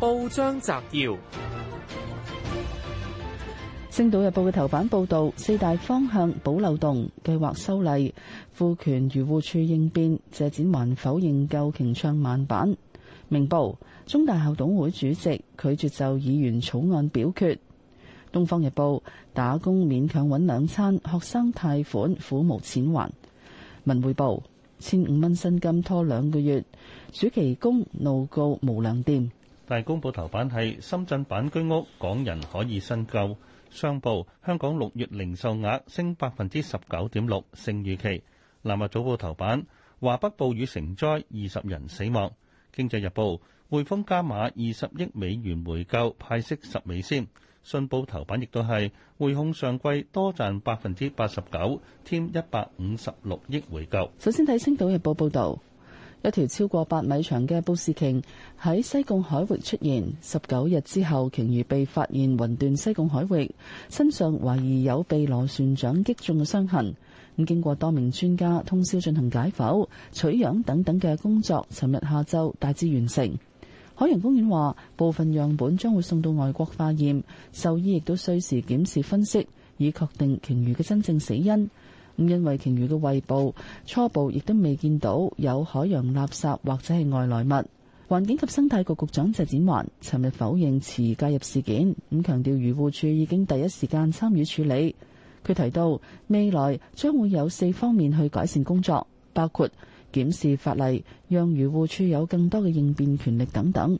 報章摘要：星島日報嘅頭版報道，四大方向保漏洞計劃修例，賦權漁護處應變借展，還否認夠瓊唱慢版。明報中大校董會主席拒絕就議員草案表決。東方日報打工勉強揾兩餐，學生貸款苦無錢還。文匯報千五蚊薪金拖兩個月，暑期工怒告無良店。大公報頭版係深圳版居屋，港人可以申購。商報香港六月零售額升百分之十九點六，勝預期。南日早報頭版華北暴雨成災，二十人死亡。經濟日報匯豐加碼二十億美元回購，派息十美仙。信報頭版亦都係匯控上季多賺百分之八十九，添一百五十六億回購。首先睇《星島日報》報道。一條超過八米長嘅布氏鯨喺西貢海域出現，十九日之後鯨魚被發現魂斷西貢海域，身上懷疑有被螺旋槳擊中嘅傷痕。咁經過多名專家通宵進行解剖、取樣等等嘅工作，尋日下晝大致完成。海洋公園話，部分樣本將會送到外國化驗，獸醫亦都需時檢視分析，以確定鯨魚嘅真正死因。咁，因為鯨魚嘅胃部初步亦都未見到有海洋垃圾，或者係外來物。環境及生態局局長謝展寰尋日否認遲介入事件，咁強調漁護署已經第一時間參與處理。佢提到未來將會有四方面去改善工作，包括檢視法例，讓漁護署有更多嘅應變權力等等。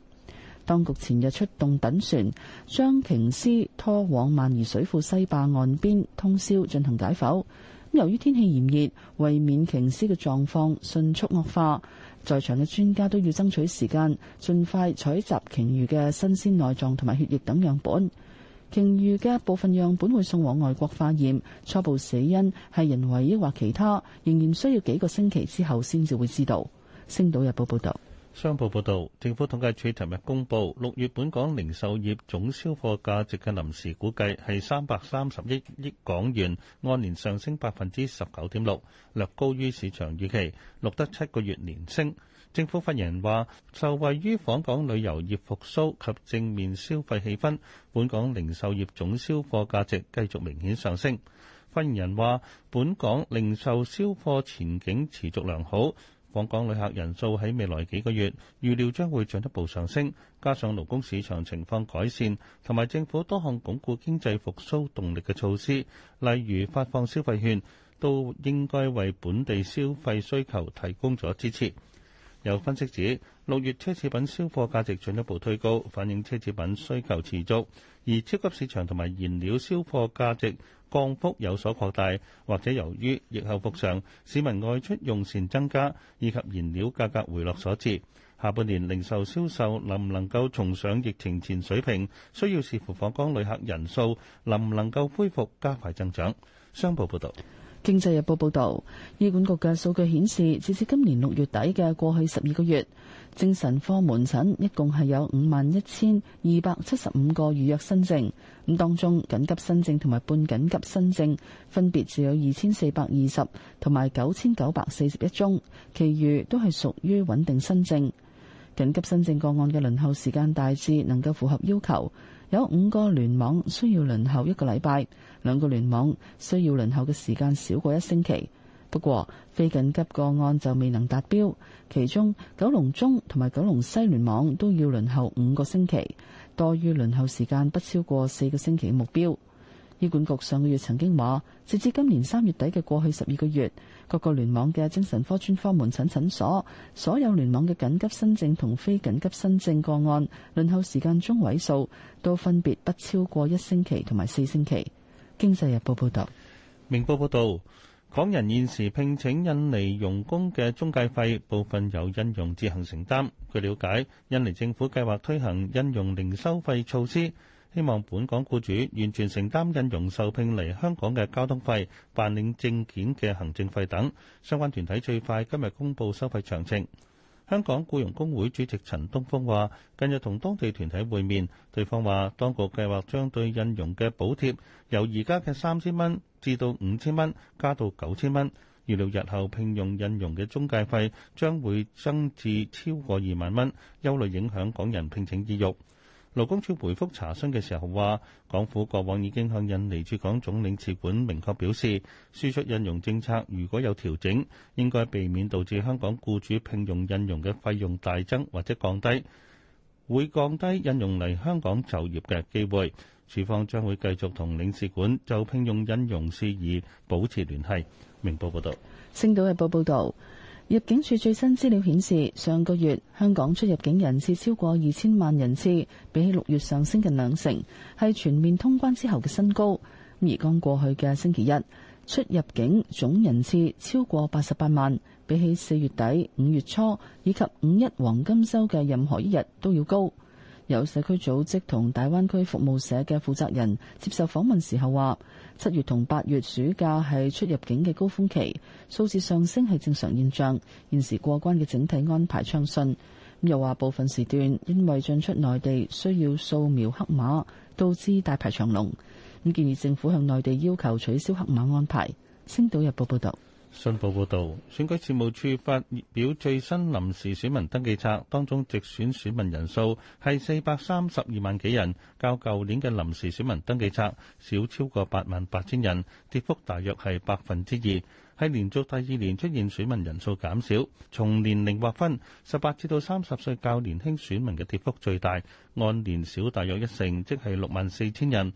當局前日出動等船，將鯨屍拖往萬宜水庫西壩岸邊通宵進行解剖。由於天氣炎熱，為免鯨屍嘅狀況迅速惡化，在場嘅專家都要爭取時間，盡快採集鯨魚嘅新鮮內臟同埋血液等樣本。鯨魚嘅部分樣本會送往外國化驗，初步死因係人為抑或其他，仍然需要幾個星期之後先至會知道。星島日報報道。商報報導，政府統計處琴日公布六月本港零售業總銷貨價值嘅臨時估計係三百三十億億港元，按年上升百分之十九點六，略高於市場預期，錄得七個月連升。政府發言人話：受惠於訪港旅遊業復甦及正面消費氣氛，本港零售業總銷貨價值繼續明顯上升。發言人話：本港零售銷貨前景持續良好。訪港旅客人數喺未來幾個月預料將會進一步上升，加上勞工市場情況改善，同埋政府多項鞏固經濟復甦動力嘅措施，例如發放消費券，都應該為本地消費需求提供咗支持。有分析指，六月奢侈品銷貨價值進一步推高，反映奢侈品需求持續；而超級市場同埋燃料銷貨價值降幅有所擴大，或者由於疫後復常、市民外出用膳增加以及燃料價格回落所致。下半年零售銷售能唔能夠重上疫情前水平，需要視乎訪港旅客人數能唔能夠恢復加快增長。商報報道。經濟日報報道，醫管局嘅數據顯示，截至今年六月底嘅過去十二個月，精神科門診一共係有五萬一千二百七十五個預約新症，咁當中緊急新症同埋半緊急新症分別只有二千四百二十同埋九千九百四十一宗，其餘都係屬於穩定新症。緊急新症個案嘅輪候時間大致能夠符合要求，有五個聯網需要輪候一個禮拜，兩個聯網需要輪候嘅時間少過一星期。不過非緊急個案就未能達標，其中九龍中同埋九龍西聯網都要輪候五個星期，多於輪候時間不超過四個星期嘅目標。醫管局上個月曾經話，截至今年三月底嘅過去十二個月，各個聯網嘅精神科專科門診診所，所有聯網嘅緊急新症同非緊急新症個案，輪候時間中位數都分別不超過一星期同埋四星期。經濟日報報道，明報報道，港人現時聘請印尼傭工嘅中介費，部分由印傭自行承擔。據了解，印尼政府計劃推行印傭零收費措施。希望本港僱主完全承擔印傭受聘嚟香港嘅交通費，辦領證件嘅行政費等。相關團體最快今日公佈收費詳情。香港僱傭工會主席陳東峰話，近日同當地團體會面，對方話當局計劃將對印傭嘅補貼由而家嘅三千蚊至到五千蚊加到九千蚊。預料日後聘用印傭嘅中介費將會增至超過二萬蚊，憂慮影響港人聘請意欲。勞工處回覆查詢嘅時候話，港府過往已經向印尼駐港總領事館明確表示，輸出印傭政策如果有調整，應該避免導致香港僱主聘用印傭嘅費用大增或者降低，會降低印傭嚟香港就業嘅機會。處方將會繼續同領事館就聘用印傭事宜保持聯繫。明報報道，星島日報報道。入境處最新資料顯示，上個月香港出入境人次超過二千萬人次，比起六月上升近兩成，係全面通關之後嘅新高。而剛過去嘅星期一，出入境總人次超過八十八萬，比起四月底、五月初以及五一黃金週嘅任何一日都要高。有社區組織同大灣區服務社嘅負責人接受訪問時候話：七月同八月暑假係出入境嘅高峰期，數字上升係正常現象。現時過關嘅整體安排暢順。又話部分時段因為進出內地需要掃描黑碼，導致大排長龍。咁建議政府向內地要求取消黑碼安排。星島日報報導。信報報導，選舉事務處發表最新臨時選民登記冊，當中直選選民人數係四百三十二萬幾人，較舊年嘅臨時選民登記冊少超過八萬八千人，跌幅大約係百分之二，係連續第二年出現選民人數減少。從年齡劃分，十八至到三十歲較年輕選民嘅跌幅最大，按年少大約一成，即係六萬四千人。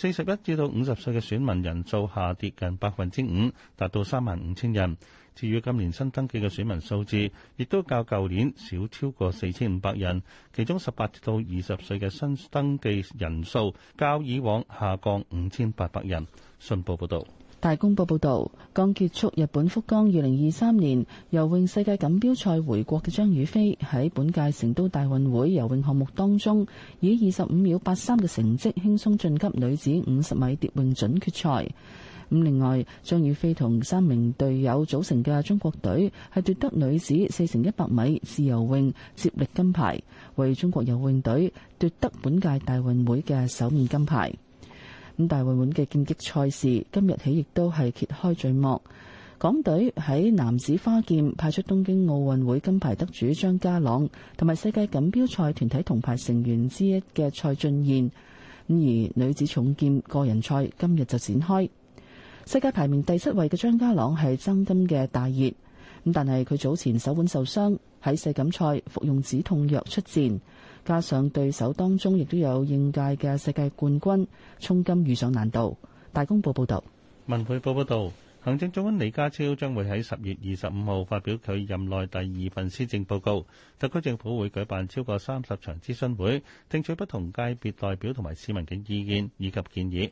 四十一至到五十歲嘅選民人數下跌近百分之五，達到三萬五千人。至於今年新登記嘅選民數字，亦都較舊年少超過四千五百人。其中十八至到二十歲嘅新登記人數，較以往下降五千八百人。信報報道。大公報報導，剛結束日本福岡二零二三年游泳世界錦標賽回國嘅張雨霏，喺本屆成都大運會游泳項目當中，以二十五秒八三嘅成績輕鬆晉級女子五十米蝶泳準決賽。咁另外，張雨霏同三名隊友組成嘅中國隊，係奪得女子四乘一百米自由泳接力金牌，為中國游泳隊奪得本屆大運會嘅首面金牌。咁大運會嘅劍擊賽事今日起亦都係揭開序幕，港隊喺男子花劍派出東京奧運會金牌得主張家朗，同埋世界錦標賽團體銅牌成員之一嘅蔡俊彥。而女子重劍個人賽今日就展開，世界排名第七位嘅張家朗係爭金嘅大熱，咁但係佢早前手腕受傷，喺世錦賽服用止痛藥出戰。加上對手當中亦都有應屆嘅世界冠軍，衝金遇上難度。大公報報道。文匯報報道，行政長官李家超將會喺十月二十五號發表佢任內第二份施政報告，特區政府會舉辦超過三十場諮詢會，聽取不同界別代表同埋市民嘅意見以及建議。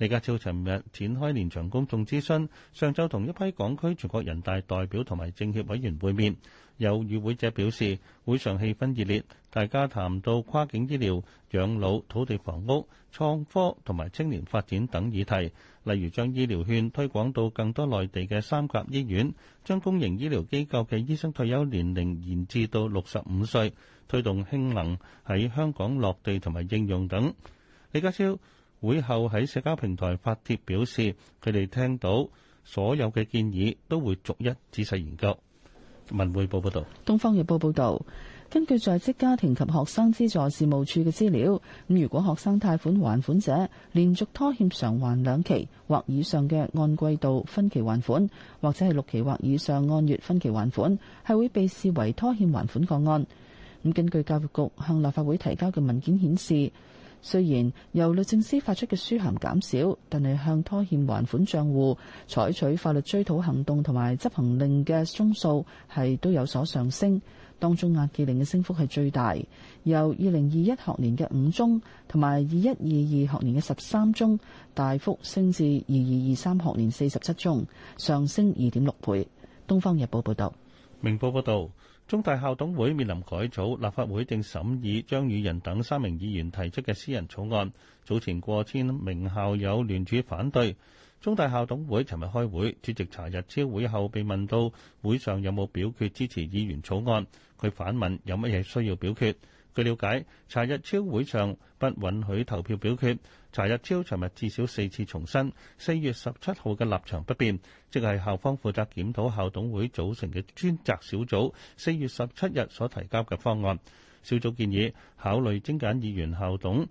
李家超尋日展開連場公眾諮詢，上晝同一批港區全國人大代表同埋政協委員會面，有與會者表示，會上氣氛熱烈，大家談到跨境醫療、養老、土地房屋、創科同埋青年發展等議題，例如將醫療券推廣到更多內地嘅三甲醫院，將公營醫療機構嘅醫生退休年齡延至到六十五歲，推動氫能喺香港落地同埋應用等。李家超會後喺社交平台發帖表示，佢哋聽到所有嘅建議都會逐一仔細研究。文匯報報道，東方日報報道，根據在職家庭及學生資助事務處嘅資料，咁如果學生貸款還款者連續拖欠償還兩期或以上嘅按季度分期還款，或者係六期或以上按月分期還款，係會被視為拖欠還款個案。咁根據教育局向立法會提交嘅文件顯示。雖然由律政司發出嘅書函減少，但係向拖欠還款賬戶採取法律追討行動同埋執行令嘅宗數係都有所上升。當中押記令嘅升幅係最大，由二零二一學年嘅五宗同埋二一二二學年嘅十三宗，大幅升至二二二三學年四十七宗，上升二點六倍。東方日報報道，明報報道。中大校董會面臨改組，立法會定審議張宇人等三名議員提出嘅私人草案。早前過千名校友聯署反對，中大校董會尋日開會，主席查日超會後被問到會上有冇表決支持議員草案，佢反問有乜嘢需要表決。據了解，查日超會上不允許投票表決。查日超尋日至少四次重申四月十七號嘅立場不變，即係校方負責檢討校董會組成嘅專責小組四月十七日所提交嘅方案。小組建議考慮精簡議員校董，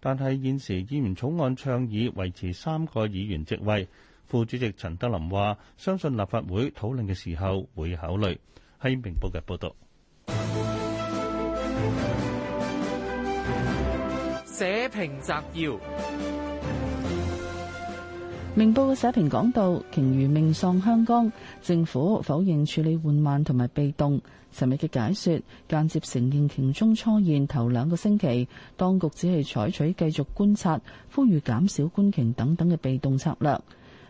但係現時議員草案倡議維持三個議員席位。副主席陳德霖話：相信立法會討論嘅時候會考慮。係明報嘅報道。 社評摘要：明報嘅社評講到，鯨魚命喪香港，政府否認處理緩慢同埋被動。尋日嘅解說間接承認，鯨蹤初現頭兩個星期，當局只係採取繼續觀察、呼籲減少觀鯨等等嘅被動策略。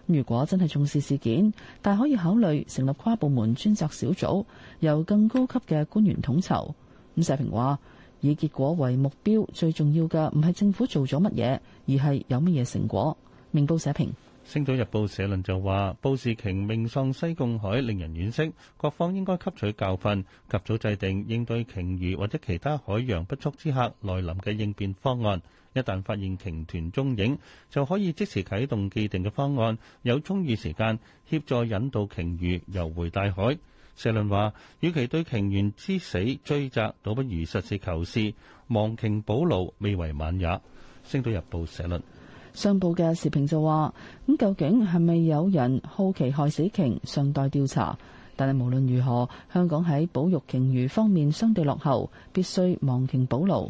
如果真係重視事件，但可以考慮成立跨部門專責小組，由更高級嘅官員統籌。咁社評話。以結果為目標最重要嘅唔係政府做咗乜嘢而係有乜嘢成果。明報社評，《星島日報》社論就話,布氏鯨命喪西貢海，令人惋惜,各方應該吸取教訓及早制定應對鯨魚或者其他海洋不速之客來臨嘅應變方案。一旦發現鯨豚蹤影,就可以即時啟動既定嘅方案,有充裕時間,協助引導鯨魚,游回大海。社論話，與其對鯨魚之死追責，倒不如實事求是，亡鯨補牢，未為晚也。《星島日報》社論，上報嘅時評就話，咁究竟係咪有人好奇害死鯨，尚待調查。但係無論如何，香港喺保育鯨魚方面相對落後，必須亡鯨補牢。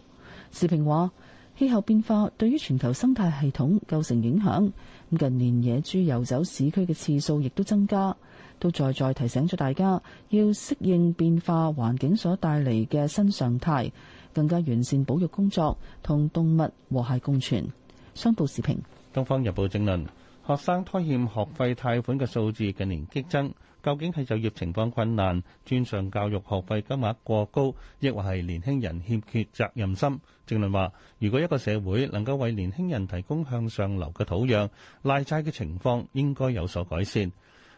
時評話，氣候變化對於全球生態系統構成影響。咁近年野豬遊走市區嘅次數亦都增加。都再再提醒咗大家要適應變化環境所帶嚟嘅新常態，更加完善保育工作，同動物和諧共存。商報時評，《東方日報》正論：學生拖欠學費貸款嘅數字近年激增，究竟係就業情況困難、專上教育學費金額過高，抑或係年輕人欠缺責任心？正論話：如果一個社會能夠為年輕人提供向上流嘅土壤，賴債嘅情況應該有所改善。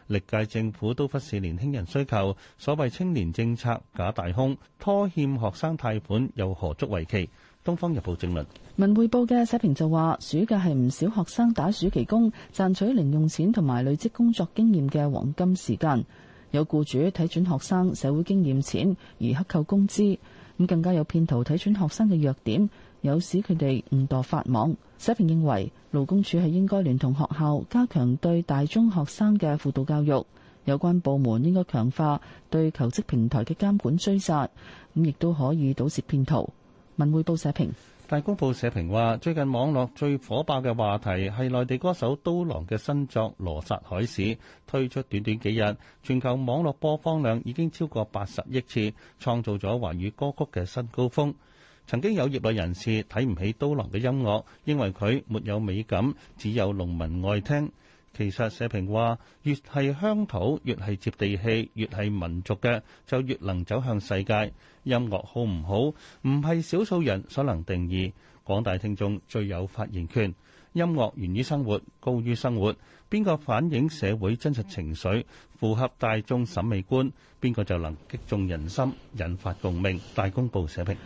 歷屆政府都忽視年輕人需求，所謂青年政策假大空，拖欠學生貸款又何足為奇？《東方日報》正論，《文匯報》嘅社評就話：暑假係唔少學生打暑期工賺取零用錢同埋累積工作經驗嘅黃金時間，有雇主睇準學生社會經驗淺而克扣工資，咁更加有騙徒睇準學生嘅弱點，有使佢哋誤墮法網。社評認為，勞工處係應該聯同學校加強對大中學生嘅輔導教育，有關部門應該強化對求職平台嘅監管追殺，咁亦都可以堵截騙徒。文匯報社評。大公報社評話，最近網絡最火爆嘅話題係內地歌手刀郎嘅新作《羅剎海市》，推出短短幾日，全球網絡播放量已經超過八十億次，創造咗華語歌曲嘅新高峰。曾經有業內人士睇唔起刀郎嘅音樂，因為佢沒有美感，只有農民愛聽。其實社評話，越係鄉土，越係接地氣，越係民族嘅，就越能走向世界。音樂好唔好，唔係少數人所能定義，廣大聽眾最有發言權。音樂源於生活，高於生活，邊個反映社會真實情緒，符合大眾審美觀，邊個就能擊中人心，引發共鳴。大公報社評。